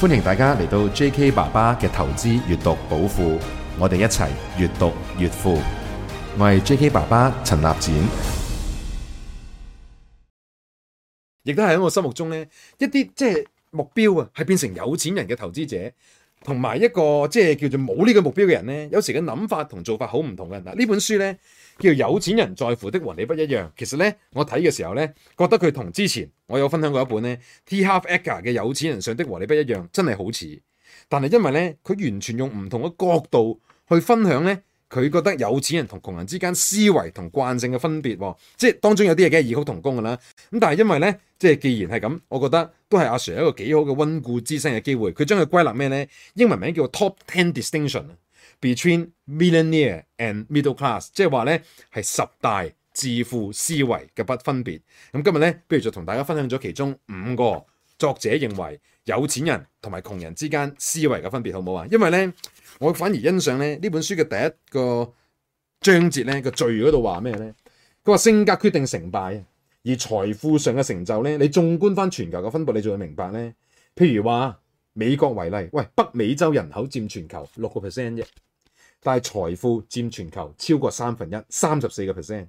歡迎大家嚟到 J.K. 爸爸嘅投資閱讀寶庫，我哋一齊越讀越富。我係 J.K. 爸爸陳立展，亦都係喺我心目中咧，一啲即係目標啊，係變成有錢人嘅投資者。同埋一個即係叫做冇呢個目標嘅人咧，有時嘅諗法同做法好唔同嘅人。嗱呢本書咧叫《有錢人在乎的和你不一樣》，其實咧我睇嘅時候咧，覺得佢同之前我有分享過一本咧，《T. Harv Eker》嘅《有錢人上的和你不一樣》，真係好似，但係因為咧佢完全用唔同嘅角度去分享咧。佢覺得有錢人同窮人之間思維同慣性嘅分別，即係當中有啲嘢梗係異好同工㗎啦。咁但係因為咧，即係既然係咁，我覺得都係阿 Sir 一個幾好嘅溫故知新嘅機會。佢將佢歸納咩咧？英文名叫 Top Ten Distinction Between Millionaire and Middle Class》，即係話咧係十大致富思維嘅不分別。咁今日咧，不如就同大家分享咗其中五個作者認為有錢人同埋窮人之間思維嘅分別，好冇啊？因為咧。我反而欣賞咧呢本書嘅第一個章節咧，個序嗰度話咩咧？佢話 性格決定成敗，而財富上嘅成就咧，你縱觀翻全球嘅分布，你就會明白咧。譬如話美國為例，喂，北美洲人口佔全球六個 percent 啫，但係財富佔全球超過三分一，三十四個 percent。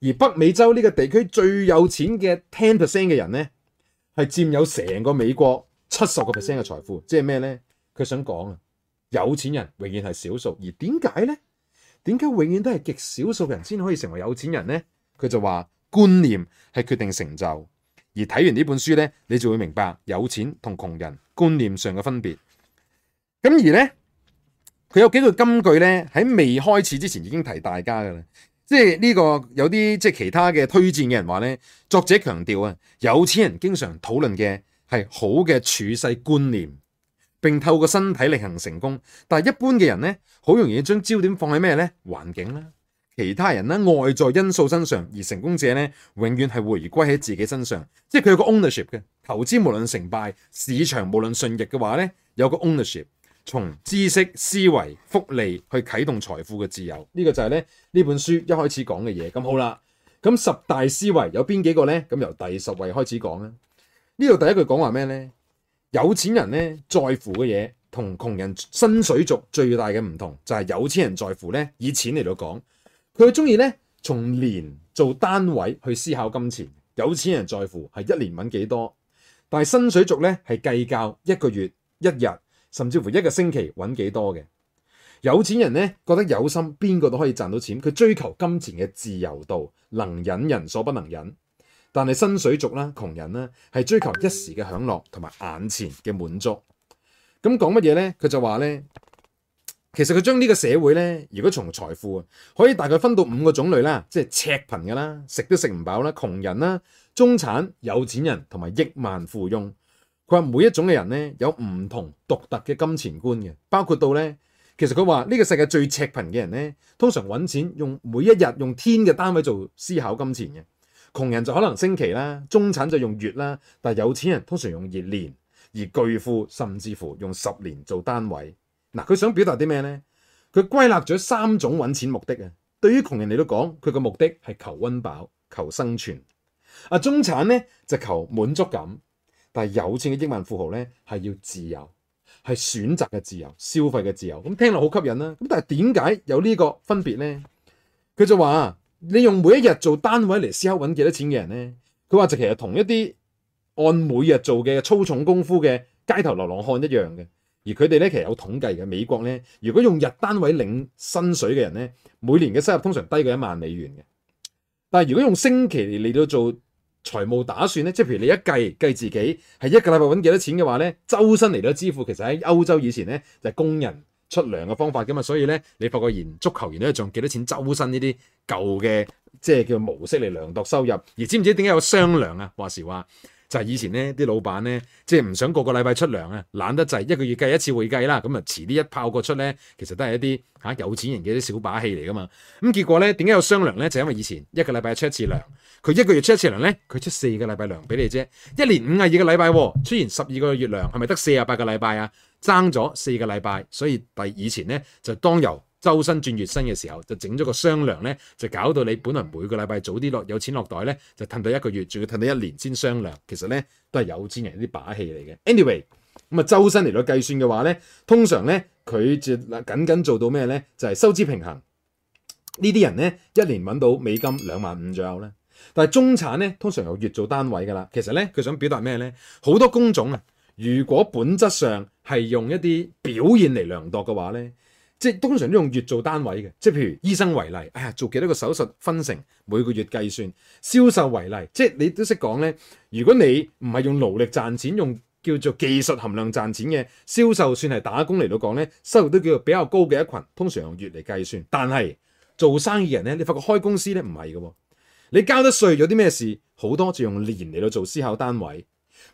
而北美洲呢個地區最有錢嘅 ten percent 嘅人咧，係佔有成個美國七十個 percent 嘅財富，即係咩咧？佢想講啊！有錢人永遠係少數，而點解呢？點解永遠都係極少數人先可以成為有錢人呢？佢就話觀念係決定成就，而睇完呢本書呢，你就會明白有錢同窮人觀念上嘅分別。咁而呢，佢有幾個金句呢，喺未開始之前已經提大家噶啦，即係呢個有啲即係其他嘅推薦嘅人話呢，作者強調啊，有錢人經常討論嘅係好嘅處世觀念。並透過身體力行成功，但係一般嘅人咧，好容易將焦點放喺咩咧？環境啦、其他人啦、外在因素身上，而成功者咧，永遠係回歸喺自己身上，即係佢有個 ownership 嘅投資，無論成敗，市場無論順逆嘅話咧，有個 ownership，從知識、思維、福利去啟動財富嘅自由，呢個就係咧呢本書一開始講嘅嘢。咁好啦，咁十大思維有邊幾個咧？咁由第十位開始講啊。呢度第一句講話咩咧？有錢人咧在乎嘅嘢，同窮人薪水族最大嘅唔同就係有錢人在乎咧、就是、以錢嚟到講，佢鍾意咧從年做單位去思考金錢。有錢人在乎係一年揾幾多，但係薪水族咧係計較一個月、一日，甚至乎一個星期揾幾多嘅。有錢人咧覺得有心，邊個都可以賺到錢，佢追求金錢嘅自由度，能忍人所不能忍。但係薪水族啦，窮人啦，係追求一時嘅享樂同埋眼前嘅滿足。咁講乜嘢咧？佢就話咧，其實佢將呢個社會咧，如果從財富，可以大概分到五個種類啦，即係赤貧㗎啦，食都食唔飽啦，窮人啦，中產、有錢人同埋億萬富翁。佢話每一種嘅人咧，有唔同獨特嘅金錢觀嘅，包括到咧，其實佢話呢個世界最赤貧嘅人咧，通常搵錢用每一日用天嘅單位做思考金錢嘅。窮人就可能星期啦，中產就用月啦，但係有錢人通常用年，而巨富甚至乎用十年做單位。嗱，佢想表達啲咩咧？佢歸納咗三種揾錢目的啊。對於窮人嚟講，佢個目的係求温飽、求生存；啊，中產咧就求滿足感，但係有錢嘅億萬富豪咧係要自由，係選擇嘅自由、消費嘅自由。咁聽落好吸引啦。咁但係點解有呢個分別咧？佢就話：你用每一日做單位嚟思考揾幾多錢嘅人呢，佢話就其實同一啲按每日做嘅粗重功夫嘅街頭流浪漢一樣嘅。而佢哋呢，其實有統計嘅，美國呢。如果用日單位領薪水嘅人呢，每年嘅收入通常低過一萬美元嘅。但係如果用星期嚟到做財務打算呢，即係譬如你一計計自己係一個禮拜揾幾多錢嘅話呢，周薪嚟到支付其實喺歐洲以前呢，就係工人。出糧嘅方法㗎嘛，所以咧你發覺連足球員都仲幾多錢周身呢啲舊嘅，即係叫模式嚟量度收入。而知唔知點解有雙糧啊？話時話就係、是、以前咧啲老闆咧，即係唔想個個禮拜出糧啊，懶得滯，一個月計一次會計啦，咁啊遲啲一炮過出咧，其實都係一啲吓，有錢人嘅啲小把戲嚟噶嘛。咁結果咧點解有雙糧咧？就是、因為以前一個禮拜出一次糧，佢一個月出一次糧咧，佢出四個禮拜糧俾你啫。一年五十二個禮拜喎，出現十二個月糧，係咪得四十八個禮拜啊？爭咗四個禮拜，所以第以前咧就當由周薪轉月薪嘅時候，就整咗個雙糧咧，就搞到你本來每個禮拜早啲落有錢落袋咧，就褪到一個月，仲要褪到一年先雙糧。其實咧都係有錢人啲把戲嚟嘅。Anyway，咁啊周薪嚟到計算嘅話咧，通常咧佢做緊緊做到咩咧？就係、是、收支平衡。呢啲人咧一年揾到美金兩萬五左右咧，但係中產咧通常由月做單位㗎啦。其實咧佢想表達咩咧？好多工種啊，如果本質上係用一啲表現嚟量度嘅話呢，即係通常都用月做單位嘅。即係譬如醫生為例，哎呀做幾多個手術分成每個月計算。銷售為例，即係你都識講呢。如果你唔係用勞力賺錢，用叫做技術含量賺錢嘅銷售，算係打工嚟到講呢，收入都叫做比較高嘅一群，通常用月嚟計算，但係做生意人呢，你發覺開公司呢唔係嘅喎，你交得稅有啲咩事好多就用年嚟到做思考單位。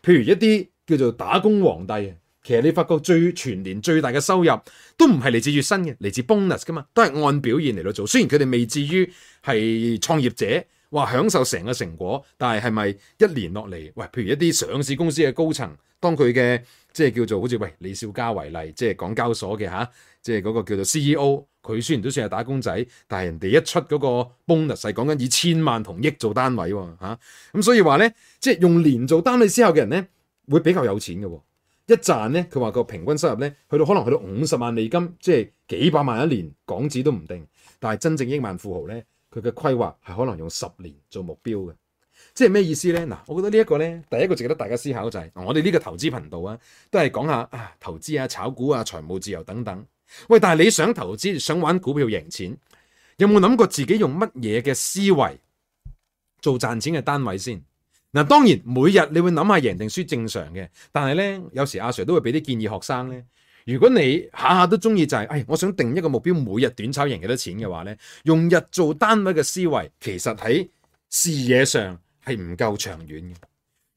譬如一啲叫做打工皇帝。其實你發覺最全年最大嘅收入都唔係嚟自月薪嘅，嚟自 bonus 㗎嘛，都係按表現嚟到做。雖然佢哋未至於係創業者，話享受成個成果，但係係咪一年落嚟？喂、哎，譬如一啲上市公司嘅高層，當佢嘅即係叫做好似喂李小加為例，即係港交所嘅吓、啊，即係嗰個叫做 CEO，佢雖然都算係打工仔，但係人哋一出嗰個 bonus，係講緊以千萬同億做單位喎咁、啊啊嗯、所以話咧，即係用年做單位之後嘅人咧，會比較有錢嘅。一賺咧，佢話個平均收入咧，去到可能去到五十萬美金，即係幾百萬一年港紙都唔定。但係真正億萬富豪咧，佢嘅規劃係可能用十年做目標嘅，即係咩意思咧？嗱，我覺得呢一個咧，第一個值得大家思考就係我哋呢個投資頻道啊，都係講下啊投資啊、炒股啊、財務自由等等。喂，但係你想投資想玩股票贏錢，有冇諗過自己用乜嘢嘅思維做賺錢嘅單位先？嗱，當然每日你會諗下贏定輸正常嘅，但係咧有時阿 Sir 都會俾啲建議學生咧。如果你下下都中意就係、是，哎，我想定一個目標，每日短炒贏幾多錢嘅話咧，用日做單位嘅思維，其實喺視野上係唔夠長遠嘅。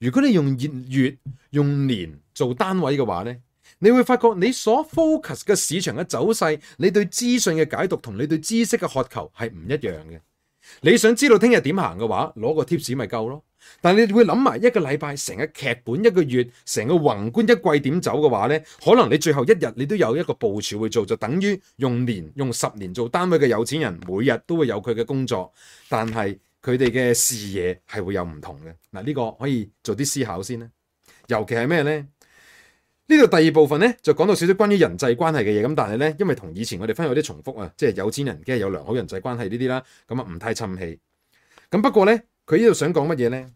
如果你用月、月用年做單位嘅話咧，你會發覺你所 focus 嘅市場嘅走勢，你對資訊嘅解讀同你對知識嘅渴求係唔一樣嘅。你想知道聽日點行嘅話，攞個貼士咪夠咯。但係你會諗埋一個禮拜成個劇本，一個月成個宏觀一季點走嘅話咧，可能你最後一日你都有一個部署去做，就等於用年用十年做單位嘅有錢人，每日都會有佢嘅工作，但係佢哋嘅視野係會有唔同嘅。嗱，呢個可以做啲思考先啦。尤其係咩咧？呢度第二部分咧就講到少少關於人際關係嘅嘢，咁，但係咧，因為同以前我哋分享有啲重複啊，即係有錢人梗係有良好人際關係呢啲啦，咁啊唔太襯氣。咁不過咧。佢呢度想講乜嘢呢？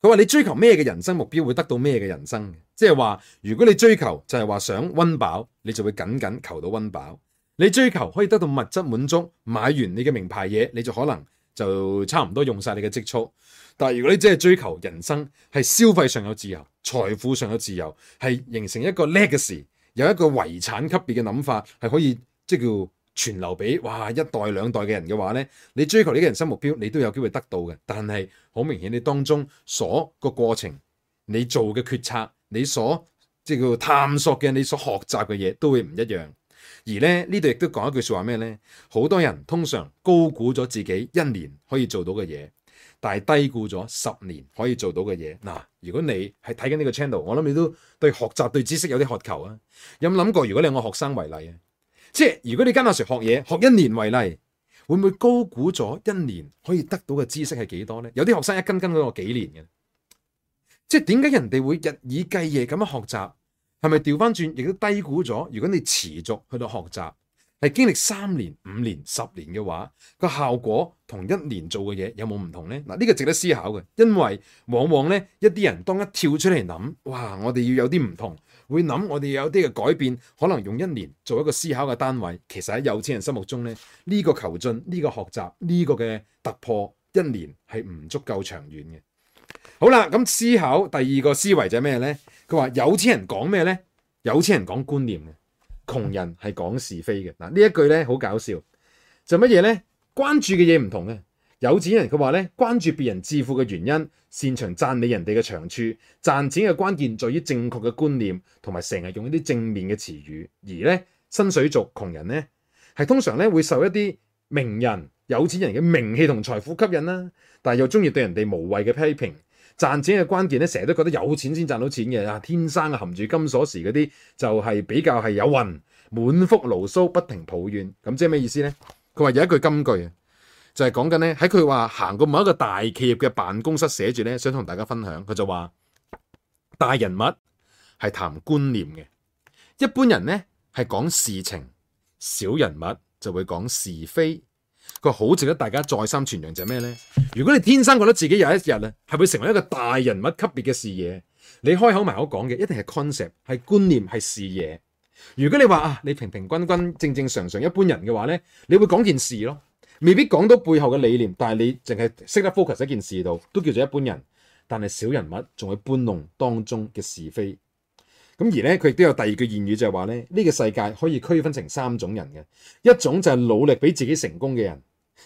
佢話你追求咩嘅人生目標會得到咩嘅人生？即係話如果你追求就係話想溫飽，你就會僅僅求到溫飽。你追求可以得到物質滿足，買完你嘅名牌嘢，你就可能就差唔多用晒你嘅積蓄。但係如果你只係追求人生係消費上有自由，財富上有自由，係形成一個 legacy，有一個遺產級別嘅諗法，係可以即，就是、叫，傳留俾哇一代兩代嘅人嘅話呢，你追求你嘅人生目標，你都有機會得到嘅。但係好明顯，你當中所個過程，你做嘅決策，你所即係叫探索嘅，你所學習嘅嘢都會唔一樣。而呢，呢度亦都講一句説話咩呢？好多人通常高估咗自己一年可以做到嘅嘢，但係低估咗十年可以做到嘅嘢。嗱，如果你係睇緊呢個 channel，我諗你都對學習對知識有啲渴求啊。有冇諗過？如果你我學生為例啊？即係如果你跟阿 Sir 學嘢，學一年為例，會唔會高估咗一年可以得到嘅知識係幾多呢？有啲學生一跟跟咗我幾年嘅，即係點解人哋會日以繼夜咁樣學習？係咪掉返轉亦都低估咗？如果你持續去到學習，係經歷三年、五年、十年嘅話，個效果同一年做嘅嘢有冇唔同呢？嗱，呢個值得思考嘅，因為往往呢，一啲人當一跳出嚟諗，嘩！我哋要有啲唔同。會諗我哋有啲嘅改變，可能用一年做一個思考嘅單位。其實喺有錢人心目中咧，呢個求進、呢個學習、呢個嘅突破，一年係唔足夠長遠嘅。好啦，咁思考第二個思維就係咩咧？佢話有錢人講咩咧？有錢人講觀念嘅，窮人係講是非嘅。嗱呢一句咧，好搞笑，就乜嘢咧？關注嘅嘢唔同咧。有錢人佢話咧，關注別人致富嘅原因，擅長讚美人哋嘅長處，賺錢嘅關鍵在於正確嘅觀念，同埋成日用一啲正面嘅詞語。而咧薪水族窮人咧，係通常咧會受一啲名人、有錢人嘅名氣同財富吸引啦。但係又鍾意對人哋無謂嘅批評。賺錢嘅關鍵咧，成日都覺得有錢先賺到錢嘅啊，天生啊含住金鎖匙嗰啲就係比較係有運，滿腹牢騷，不停抱怨。咁即係咩意思咧？佢話有一句金句啊。就係講緊咧，喺佢話行過某一個大企業嘅辦公室寫住咧，想同大家分享。佢就話：大人物係談觀念嘅，一般人咧係講事情；小人物就會講是非。佢好值得大家再三傳揚就係咩咧？如果你天生覺得自己有一日咧係會成為一個大人物級別嘅視野，你開口埋口講嘅一定係 concept 係觀念係視野。如果你話啊，你平平均均、均正正常常一般人嘅話咧，你會講件事咯。未必講到背後嘅理念，但係你淨係識得 focus 喺一件事度，都叫做一般人。但係小人物仲去搬弄當中嘅是非。咁而咧，佢亦都有第二句諺語就，就係話咧，呢個世界可以區分成三種人嘅，一種就係努力俾自己成功嘅人，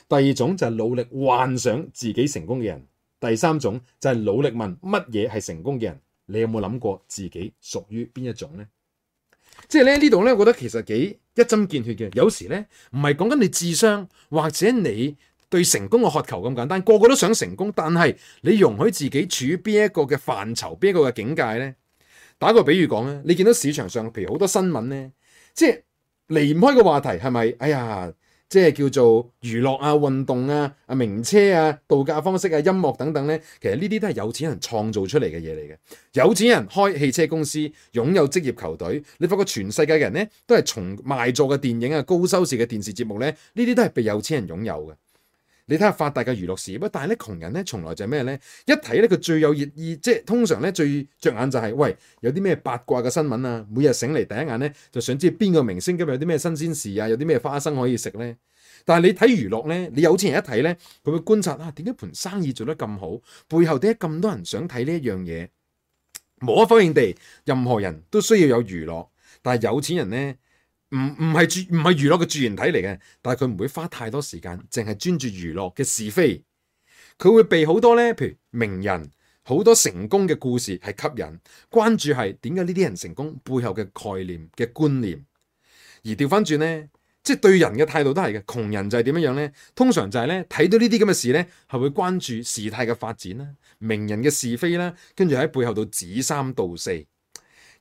第二種就係努力幻想自己成功嘅人，第三種就係努力問乜嘢係成功嘅人。你有冇諗過自己屬於邊一種咧？即係咧呢度咧，我覺得其實幾一針見血嘅。有時咧唔係講緊你智商或者你對成功嘅渴求咁簡單，個個都想成功，但係你容許自己處於邊一個嘅範疇，邊一個嘅境界咧？打個比喻講咧，你見到市場上譬如好多新聞咧，即係離唔開個話題，係咪？哎呀！即係叫做娛樂啊、運動啊、啊名車啊、度假方式啊、音樂等等咧，其實呢啲都係有錢人創造出嚟嘅嘢嚟嘅。有錢人開汽車公司，擁有職業球隊，你發覺全世界嘅人咧，都係從賣座嘅電影啊、高收視嘅電視節目咧，呢啲都係被有錢人擁有嘅。你睇下發達嘅娛樂事業，但係咧窮人咧從來就咩咧？一睇咧佢最有熱意，即係通常咧最着眼就係、是、喂有啲咩八卦嘅新聞啊！每日醒嚟第一眼咧就想知邊個明星今日有啲咩新鮮事啊？有啲咩花生可以食咧？但係你睇娛樂咧，你有錢人一睇咧，佢會觀察啊，點解盤生意做得咁好？背後點解咁多人想睇呢一樣嘢？無可否認地，任何人都需要有娛樂，但係有錢人咧。唔唔係住唔係娛樂嘅絕緣體嚟嘅，但係佢唔會花太多時間，淨係專注娛樂嘅是非。佢會被好多咧，譬如名人好多成功嘅故事係吸引關注，係點解呢啲人成功背後嘅概念嘅觀念？而調翻轉呢，即係對人嘅態度都係嘅。窮人就係點樣樣咧？通常就係咧睇到呢啲咁嘅事咧，係會關注事態嘅發展啦、名人嘅是非啦，跟住喺背後度指三道四。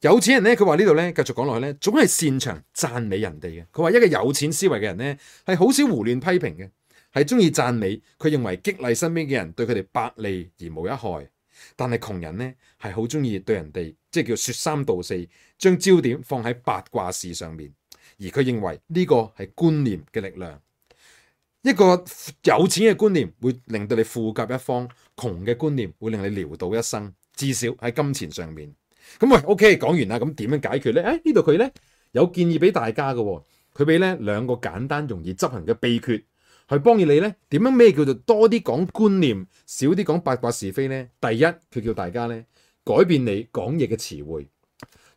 有錢人咧，佢話呢度咧，繼續講落去咧，總係擅長讚美人哋嘅。佢話一個有錢思維嘅人咧，係好少胡亂批評嘅，係中意讚美。佢認為激勵身邊嘅人，對佢哋百利而無一害。但係窮人咧，係好中意對人哋，即係叫說三道四，將焦點放喺八卦事上面。而佢認為呢個係觀念嘅力量。一個有錢嘅觀念會令到你富甲一方，窮嘅觀念會令你潦倒一生。至少喺金錢上面。咁、嗯、喂，OK，講完啦。咁點樣解決呢？誒呢度佢呢，有建議俾大家嘅、哦，佢俾呢兩個簡單容易執行嘅秘訣，去幫你呢點樣咩叫做多啲講觀念，少啲講八卦是非呢？第一，佢叫大家呢改變你講嘢嘅詞彙。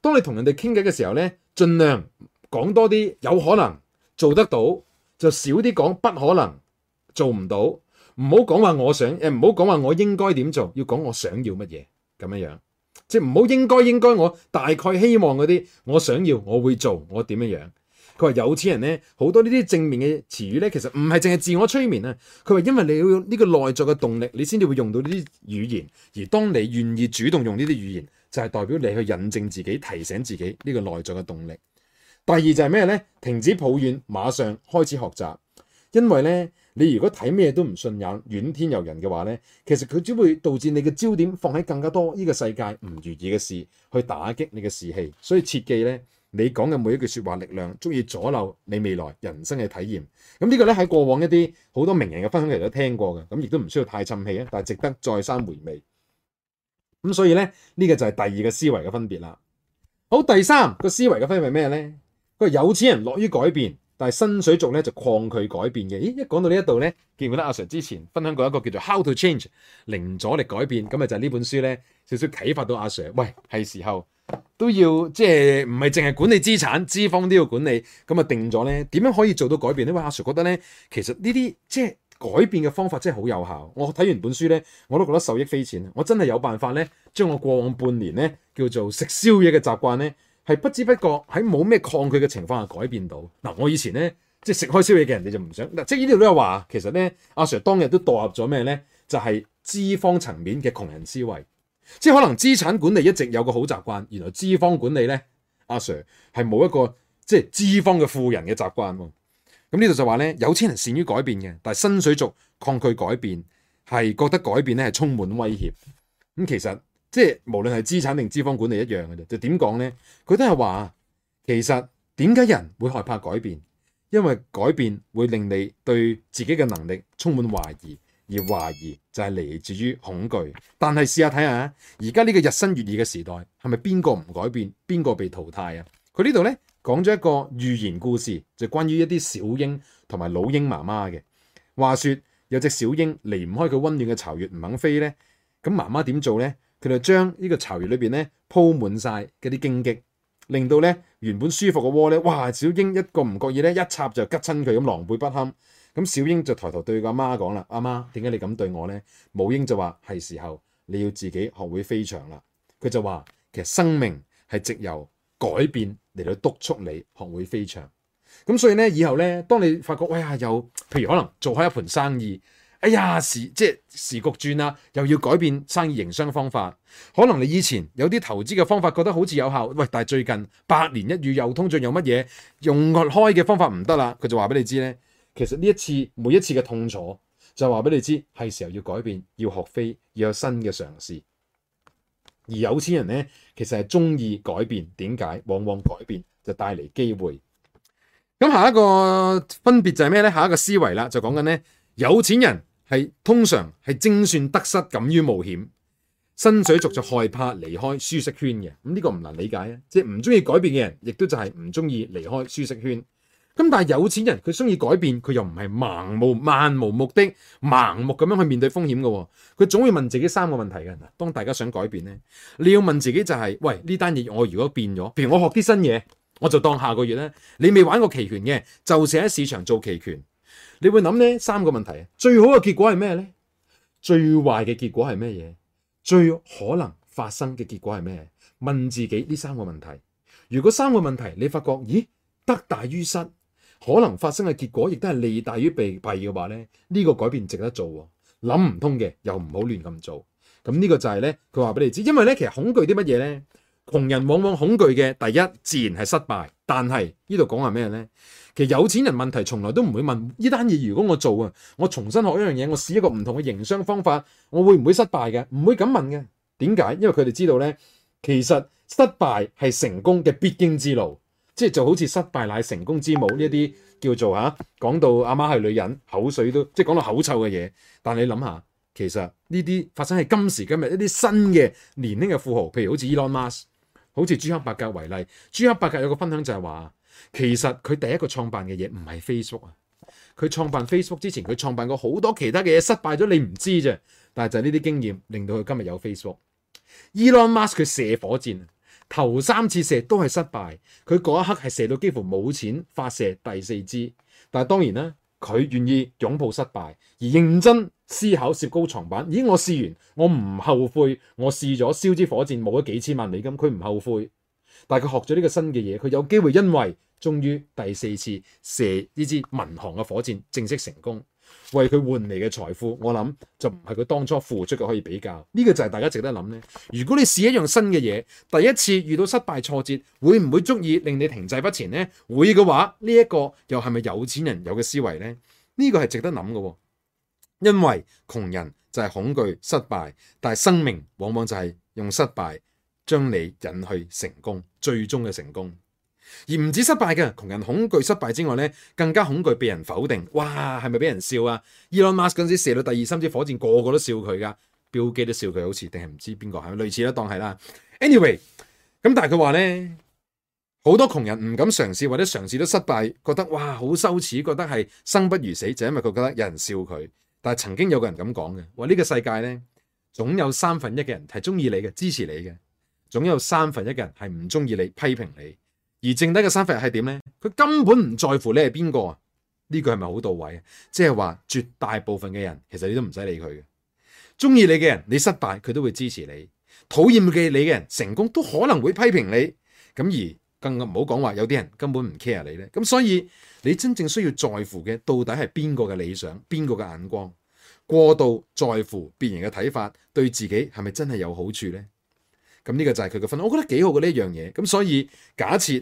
當你同人哋傾偈嘅時候呢，盡量講多啲有可能做得到，就少啲講不可能做唔到。唔好講話我想，誒唔好講話我應該點做，要講我想要乜嘢咁樣樣。即係唔好應該應該，我大概希望嗰啲我想要，我會做我點樣樣。佢話有錢人咧好多呢啲正面嘅詞語咧，其實唔係淨係自我催眠啊。佢話因為你要呢個內在嘅動力，你先至會用到呢啲語言。而當你願意主動用呢啲語言，就係代表你去引證自己、提醒自己呢個內在嘅動力。第二就係咩咧？停止抱怨，馬上開始學習，因為咧。你如果睇咩都唔信任、怨天尤人嘅話呢，其實佢只會導致你嘅焦點放喺更加多呢個世界唔如意嘅事，去打擊你嘅士氣。所以切記呢，你講嘅每一句説話力量，足以左右你未來人生嘅體驗。咁、嗯這個、呢個咧喺過往一啲好多名人嘅分享其實都聽過嘅，咁亦都唔需要太氹氣啊，但係值得再三回味。咁、嗯、所以呢，呢、這個就係第二個思維嘅分別啦。好，第三個思維嘅分別係咩咧？個有錢人樂於改變。但係薪水族咧就抗拒改變嘅，咦？一講到呢一度咧，記唔記得阿 Sir 之前分享過一個叫做《How to Change》零阻力改變，咁咪就係呢本書咧少少啟發到阿 Sir。喂，係時候都要即係唔係淨係管理資產，脂肪都要管理。咁啊定咗咧，點樣可以做到改變呢？因為阿 Sir 覺得咧，其實呢啲即係改變嘅方法真係好有效。我睇完本書咧，我都覺得受益匪淺。我真係有辦法咧，將我過往半年咧叫做食宵夜嘅習慣咧。係不知不覺喺冇咩抗拒嘅情況下改變到嗱，我以前咧即係食開宵夜嘅人哋就唔想嗱，即係呢度都有話。其實咧，阿 Sir 當日都墮入咗咩咧？就係脂肪層面嘅窮人思維，即係可能資產管理一直有個好習慣，原來脂肪管理咧，阿 Sir 係冇一個即係脂肪嘅富人嘅習慣喎。咁、嗯、呢度就話咧，有錢人善於改變嘅，但係薪水族抗拒改變，係覺得改變咧係充滿威脅。咁、嗯、其實。即係無論係資產定脂肪管理一樣嘅啫，就點講咧？佢都係話其實點解人會害怕改變？因為改變會令你對自己嘅能力充滿懷疑，而懷疑就係嚟自於恐懼。但係試下睇下，而家呢個日新月異嘅時代係咪邊個唔改變邊個被淘汰啊？佢呢度咧講咗一個寓言故事，就關於一啲小鷹同埋老鷹媽媽嘅話說。説有隻小鷹離唔開佢溫暖嘅巢穴，唔肯飛咧，咁媽媽點做咧？佢就將呢個巢穴裏邊咧，鋪滿晒嗰啲荊棘，令到咧原本舒服嘅窩咧，哇！小英一個唔覺意咧，一插就拮親佢，咁狼狽不堪。咁小英就抬頭對個媽講啦：阿、啊、媽點解你咁對我咧？母鷹就話：係時候你要自己學會飛翔啦。佢就話其實生命係藉由改變嚟到督促你學會飛翔。咁所以咧，以後咧，當你發覺，喂、哎，呀，又譬如可能做開一盤生意。哎呀，時即係時局轉啦，又要改變生意營商方法。可能你以前有啲投資嘅方法覺得好似有效，喂，但係最近百年一遇又通脹又乜嘢，用開嘅方法唔得啦，佢就話俾你知呢，其實呢一次每一次嘅痛楚就，就話俾你知係時候要改變，要學飛，要有新嘅嘗試。而有錢人呢，其實係中意改變，點解？往往改變就帶嚟機會。咁下一個分別就係咩呢？下一個思維啦，就講緊呢：有錢人。係通常係精算得失，敢於冒險；薪水族就害怕離開舒適圈嘅。咁、這、呢個唔難理解啊，即係唔中意改變嘅人，亦都就係唔中意離開舒適圈。咁但係有錢人佢中意改變，佢又唔係盲目、漫無目，目的、盲目咁樣去面對風險嘅。佢總會問自己三個問題嘅。當大家想改變咧，你要問自己就係、是：喂，呢單嘢我如果變咗，譬如我學啲新嘢，我就當下個月咧，你未玩過期權嘅，就寫、是、喺市場做期權。你會諗呢三個問題啊，最好嘅結果係咩咧？最壞嘅結果係咩嘢？最可能發生嘅結果係咩？問自己呢三個問題。如果三個問題你發覺，咦，得大於失，可能發生嘅結果亦都係利大於弊弊嘅話咧，呢呢個改變值得做。諗唔通嘅又唔好亂咁做。咁呢個就係呢，佢話俾你知。因為呢其實恐懼啲乜嘢呢？窮人往往恐懼嘅第一自然係失敗，但係呢度講係咩呢？其實有錢人問題從來都唔會問呢單嘢。如果我做啊，我重新學一樣嘢，我試一個唔同嘅營商方法，我會唔會失敗嘅？唔會咁問嘅。點解？因為佢哋知道咧，其實失敗係成功嘅必經之路，即係就好似失敗乃成功之母呢一啲叫做吓，啊。講到阿媽係女人，口水都即係講到口臭嘅嘢。但你諗下，其實呢啲發生喺今時今日一啲新嘅年輕嘅富豪，譬如好似 Elon Musk，好似朱克伯格為例。朱克伯格有個分享就係話。其實佢第一個創辦嘅嘢唔係 Facebook 啊，佢創辦 Facebook 之前，佢創辦過好多其他嘅嘢失敗咗，你唔知咋，但係就呢啲經驗令到佢今日有 Facebook。Elon Musk 佢射火箭啊，頭三次射都係失敗，佢嗰一刻係射到幾乎冇錢發射第四支，但係當然啦，佢願意擁抱失敗而認真思考涉高床板。咦，我試完我唔後悔，我試咗燒支火箭冇咗幾千萬美金，佢唔後悔，但係佢學咗呢個新嘅嘢，佢有機會因為。終於第四次射呢支民航嘅火箭正式成功，為佢換嚟嘅財富，我諗就唔係佢當初付出嘅可以比較。呢個就係大家值得諗呢：如果你試一樣新嘅嘢，第一次遇到失敗挫折，會唔會足以令你停滯不前呢？會嘅話，呢一個又係咪有錢人有嘅思維呢？呢個係值得諗嘅，因為窮人就係恐懼失敗，但係生命往往就係用失敗將你引去成功，最終嘅成功。而唔止失敗嘅，窮人恐懼失敗之外咧，更加恐懼被人否定。哇，係咪俾人笑啊？Elon Musk 嗰陣時射到第二、三支火箭，個個都笑佢噶，標記都笑佢，好似定係唔知邊個係類似啦，當係啦。Anyway，咁但係佢話咧，好多窮人唔敢嘗試，或者嘗試都失敗，覺得哇好羞恥，覺得係生不如死，就因為佢覺得有人笑佢。但係曾經有個人咁講嘅，話呢個世界咧，總有三分一嘅人係中意你嘅，支持你嘅；總有三分一嘅人係唔中意你，批評你。而剩低嘅三份係點呢？佢根本唔在乎你係邊個啊？呢句係咪好到位？啊、就是？即係話絕大部分嘅人，其實你都唔使理佢嘅。中意你嘅人，你失敗佢都會支持你；討厭嘅你嘅人，成功都可能會批評你。咁而更唔好講話有啲人根本唔 care 你呢。咁所以你真正需要在乎嘅，到底係邊個嘅理想、邊個嘅眼光？過度在乎別人嘅睇法，對自己係咪真係有好處呢？咁呢個就係佢嘅分，我覺得幾好嘅呢一樣嘢。咁、嗯、所以假設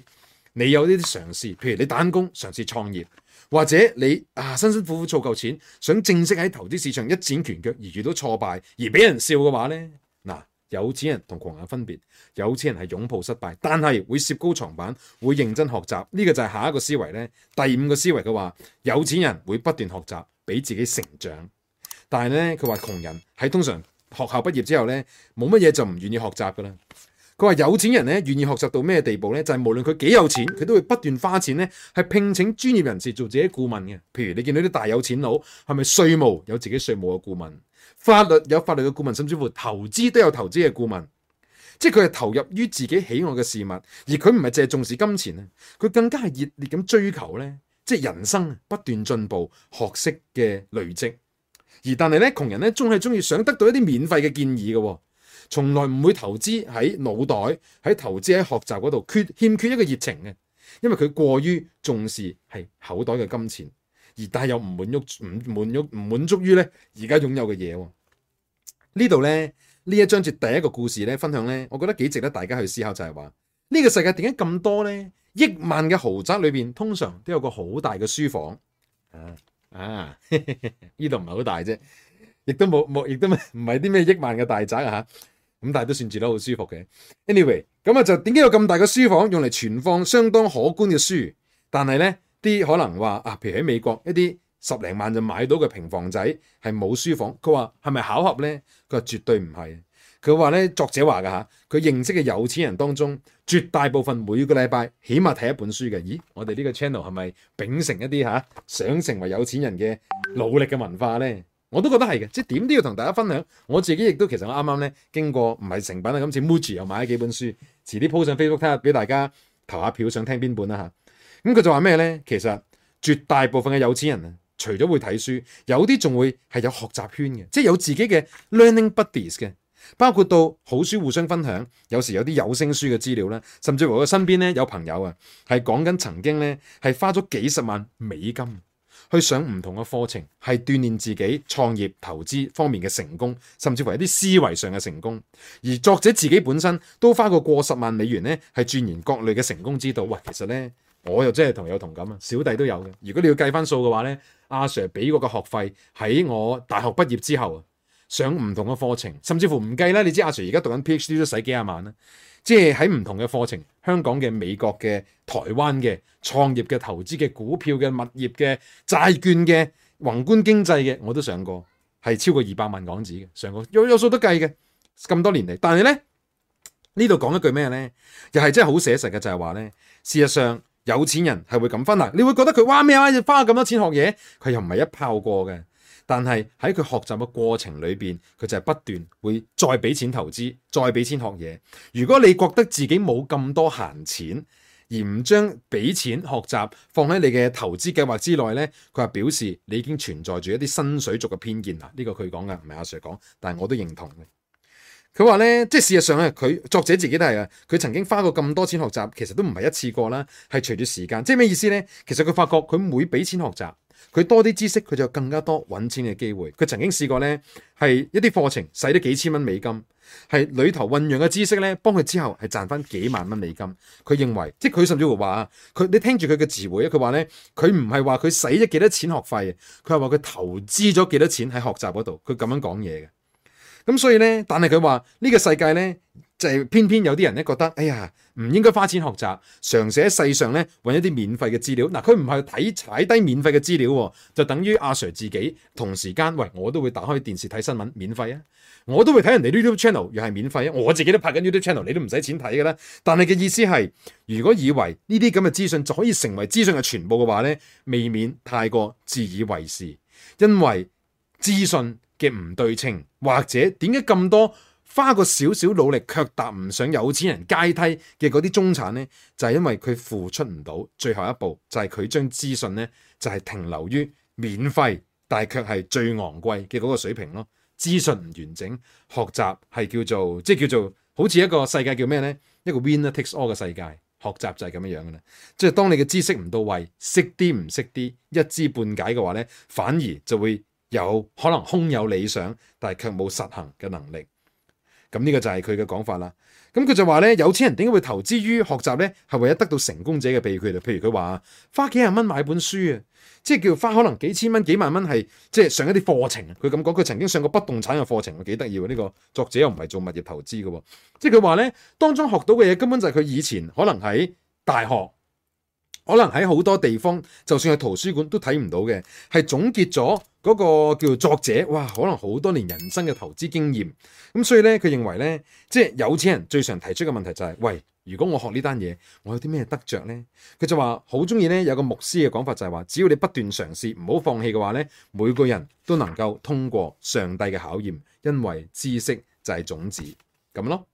你有呢啲嘗試，譬如你打工嘗試創業，或者你啊辛辛苦苦儲夠錢，想正式喺投資市場一展拳腳，而遇到挫敗而俾人笑嘅話呢，嗱，有錢人同窮人分別，有錢人係擁抱失敗，但係會攝高床板，會認真學習。呢、這個就係下一個思維呢。第五個思維嘅話，有錢人會不斷學習，俾自己成長。但係呢，佢話窮人喺通常。學校畢業之後呢，冇乜嘢就唔願意學習噶啦。佢話有錢人呢，願意學習到咩地步呢？就係無論佢幾有錢，佢都會不斷花錢呢，係聘請專業人士做自己顧問嘅。譬如你見到啲大有錢佬，係咪稅務有自己稅務嘅顧問，法律有法律嘅顧問，甚至乎投資都有投資嘅顧問。即係佢係投入於自己喜愛嘅事物，而佢唔係淨係重視金錢啊！佢更加係熱烈咁追求呢，即係人生不斷進步、學識嘅累積。而但係咧，窮人咧，仲係中意想得到一啲免費嘅建議嘅、哦，從來唔會投資喺腦袋，喺投資喺學習嗰度，缺欠缺一個熱情嘅，因為佢過於重視係口袋嘅金錢，而但又唔滿足、唔滿足、唔滿足於咧而家擁有嘅嘢。呢度咧，呢一章節第一個故事咧，分享咧，我覺得幾值得大家去思考，就係話呢個世界點解咁多咧，億萬嘅豪宅裏邊，通常都有個好大嘅書房。啊！呢度唔係好大啫，亦都冇冇，亦都唔係啲咩億萬嘅大宅啊！嚇咁，但係都算住得好舒服嘅。Anyway，咁啊就點解有咁大嘅書房用嚟存放相當可觀嘅書？但係咧啲可能話啊，譬如喺美國一啲十零萬就買到嘅平房仔係冇書房。佢話係咪巧合咧？佢話絕對唔係。佢話咧作者話㗎嚇，佢認識嘅有錢人當中，絕大部分每個禮拜，起碼睇一本書嘅。咦，我哋呢個 channel 係咪秉承一啲嚇、啊、想成為有錢人嘅努力嘅文化呢？我都覺得係嘅，即係點都要同大家分享。我自己亦都其實我啱啱咧經過唔係成品啦，今次 Muji 又買咗幾本書，遲啲 po 上 Facebook 睇下，俾大家投下票，想聽邊本啦、啊、吓？咁佢就話咩呢？其實絕大部分嘅有錢人啊，除咗會睇書，有啲仲會係有學習圈嘅，即係有自己嘅 learning buddies 嘅。包括到好書互相分享，有時有啲有聲書嘅資料咧，甚至乎我身邊咧有朋友啊，係講緊曾經咧係花咗幾十萬美金去上唔同嘅課程，係鍛鍊自己創業投資方面嘅成功，甚至乎一啲思維上嘅成功。而作者自己本身都花過過十萬美元咧，係鑽研各類嘅成功之道。哇，其實咧我又真係同有同感啊，小弟都有嘅。如果你要計翻數嘅話咧，阿 Sir 俾我嘅學費喺我大學畢業之後。上唔同嘅課程，甚至乎唔計啦。你知阿 Sir 而家讀緊 PhD 都使幾廿萬啦。即係喺唔同嘅課程，香港嘅、美國嘅、台灣嘅、創業嘅、投資嘅、股票嘅、物業嘅、債券嘅、宏觀經濟嘅，我都上過，係超過二百萬港紙嘅上過，有有數都計嘅咁多年嚟。但係咧呢度講一句咩咧？又係真係好寫實嘅，就係話咧，事實上有錢人係會咁分呀。你會覺得佢哇咩呀，花咁多錢學嘢，佢又唔係一炮過嘅。但係喺佢學習嘅過程裏邊，佢就係不斷會再俾錢投資，再俾錢學嘢。如果你覺得自己冇咁多閒錢，而唔將俾錢學習放喺你嘅投資計劃之內呢，佢話表示你已經存在住一啲薪水族嘅偏見啦。呢、這個佢講㗎，唔係阿 Sir 講，但係我都認同。佢話咧，即係事實上咧，佢作者自己都係啊，佢曾經花過咁多錢學習，其實都唔係一次過啦，係隨住時間。即係咩意思咧？其實佢發覺佢每俾錢學習，佢多啲知識，佢就更加多揾錢嘅機會。佢曾經試過咧，係一啲課程使咗幾千蚊美金，係裏頭醖釀嘅知識咧，幫佢之後係賺翻幾萬蚊美金。佢認為，即係佢甚至會話啊，佢你聽住佢嘅詞彙啊，佢話咧，佢唔係話佢使咗幾多錢學費，佢係話佢投資咗幾多錢喺學習嗰度，佢咁樣講嘢嘅。咁所以咧，但係佢話呢個世界咧，就係偏偏有啲人咧覺得，哎呀，唔應該花錢學習，嘗試喺世上咧揾一啲免費嘅資料。嗱，佢唔係睇踩低免費嘅資料喎，就等於阿 Sir 自己同時間，喂，我都會打開電視睇新聞，免費啊，我都會睇人哋 YouTube channel，又係免費啊，我自己都拍緊 YouTube channel，你都唔使錢睇㗎啦。但係嘅意思係，如果以為呢啲咁嘅資訊就可以成為資訊嘅全部嘅話咧，未免太過自以為是，因為資訊嘅唔對稱，或者點解咁多花個少少努力卻搭唔上有錢人階梯嘅嗰啲中產呢？就係、是、因為佢付出唔到最後一步，就係佢將資訊呢，就係、是、停留於免費，但係卻係最昂貴嘅嗰個水平咯。資訊唔完整，學習係叫做即係叫做好似一個世界叫咩呢？一個 winner takes all 嘅世界，學習就係咁樣樣嘅啦。即係當你嘅知識唔到位，識啲唔識啲，一知半解嘅話呢，反而就會。有可能空有理想，但係卻冇實行嘅能力。咁、這、呢個就係佢嘅講法啦。咁佢就話呢，有錢人點解會投資於學習呢？係為咗得到成功者嘅秘訣。譬如佢話花幾廿蚊買本書啊，即係叫花可能幾千蚊，幾萬蚊係即係上一啲課程。佢咁講，佢曾經上過不動產嘅課程，幾得意喎。呢、這個作者又唔係做物業投資嘅，即係佢話呢，當中學到嘅嘢根本就係佢以前可能喺大學，可能喺好多地方，就算係圖書館都睇唔到嘅，係總結咗。嗰個叫做作者，哇，可能好多年人生嘅投資經驗，咁所以咧，佢認為咧，即係有錢人最常提出嘅問題就係：「喂，如果我學呢單嘢，我有啲咩得着呢？」佢就話好鍾意咧，有個牧師嘅講法就係話，只要你不斷嘗試，唔好放棄嘅話咧，每個人都能夠通過上帝嘅考驗，因為知識就係種子咁咯。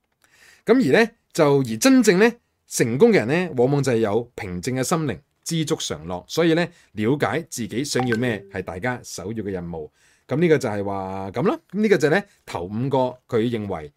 咁而咧就而真正咧成功嘅人咧，往往就係有平靜嘅心靈。知足常樂，所以咧，了解自己想要咩係大家首要嘅任務。咁呢個就係話咁啦。咁呢個就係咧頭五個佢認為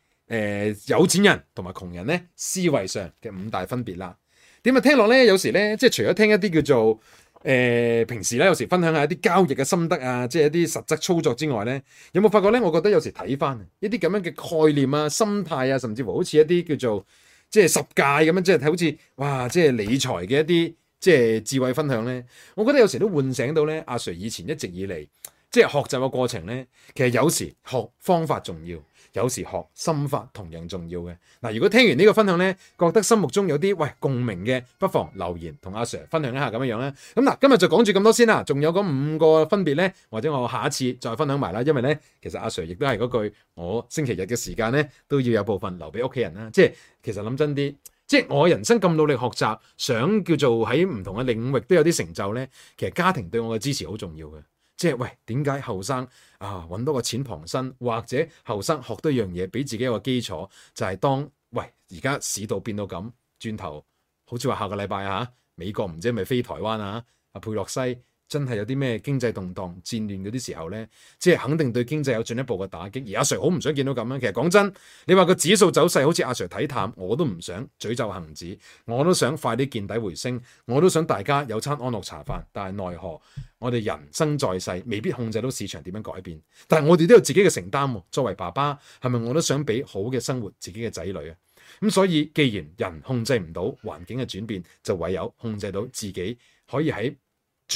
誒有錢人同埋窮人咧思維上嘅五大分別啦。點啊，聽落咧，有時咧即係除咗聽一啲叫做誒平時咧，有時分享下一啲交易嘅心得啊，即係一啲實質操作之外咧，有冇發覺咧？我覺得有時睇返一啲咁樣嘅概念啊、心態啊，甚至乎好似一啲叫做即係十戒咁樣，即係睇好似哇，即係理財嘅一啲。即係智慧分享咧，我覺得有時都喚醒到咧。阿 Sir 以前一直以嚟，即係學習嘅過程咧，其實有時學方法重要，有時學心法同樣重要嘅。嗱，如果聽完呢個分享咧，覺得心目中有啲喂共鳴嘅，不妨留言同阿 Sir 分享一下咁樣樣啦。咁嗱，今日就講住咁多先啦。仲有嗰五個分別咧，或者我下一次再分享埋啦。因為咧，其實阿 Sir 亦都係嗰句，我星期日嘅時間咧都要有部分留俾屋企人啦。即係其實諗真啲。即係我人生咁努力學習，想叫做喺唔同嘅領域都有啲成就咧。其實家庭對我嘅支持好重要嘅。即係喂，點解後生啊揾多個錢傍身，或者後生學多一樣嘢，俾自己一個基礎，就係當喂而家市道變到咁，轉頭好似話下個禮拜啊，美國唔知係咪飛台灣啊，阿佩洛西。真係有啲咩經濟動盪、戰亂嗰啲時候呢？即係肯定對經濟有進一步嘅打擊。而阿 Sir 好唔想見到咁樣。其實講真，你話個指數走勢好似阿 Sir 睇淡，我都唔想詛咒恒指，我都想快啲見底回升，我都想大家有餐安樂茶飯。但係奈何我哋人生在世，未必控制到市場點樣改變。但係我哋都有自己嘅承擔。作為爸爸，係咪我都想俾好嘅生活自己嘅仔女啊？咁所以，既然人控制唔到環境嘅轉變，就唯有控制到自己可以喺。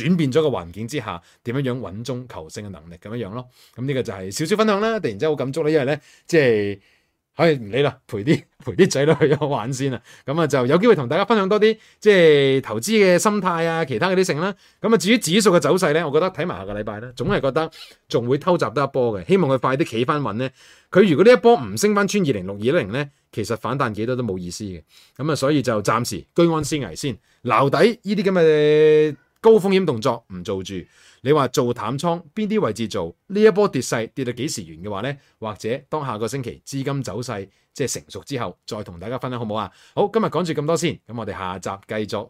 轉變咗個環境之下，點樣樣穩中求勝嘅能力咁樣樣咯。咁呢個就係少少分享啦。突然之好感觸咧，因為咧即係唉唔理啦，陪啲陪啲仔女去咗玩先啊。咁啊就有機會同大家分享多啲即係投資嘅心態啊，其他嗰啲剩啦。咁啊，至於指數嘅走勢咧，我覺得睇埋下個禮拜咧，總係覺得仲會偷襲得一波嘅。希望佢快啲企翻穩咧。佢如果呢一波唔升翻穿二零六二零咧，其實反彈幾多都冇意思嘅。咁啊，所以就暫時居安思危先，留底呢啲咁嘅。這高風險動作唔做住，你話做淡倉邊啲位置做？呢一波跌勢跌到幾時完嘅話呢？或者當下個星期資金走勢即係成熟之後，再同大家分享好唔好啊？好，今日講住咁多先，咁我哋下集繼續。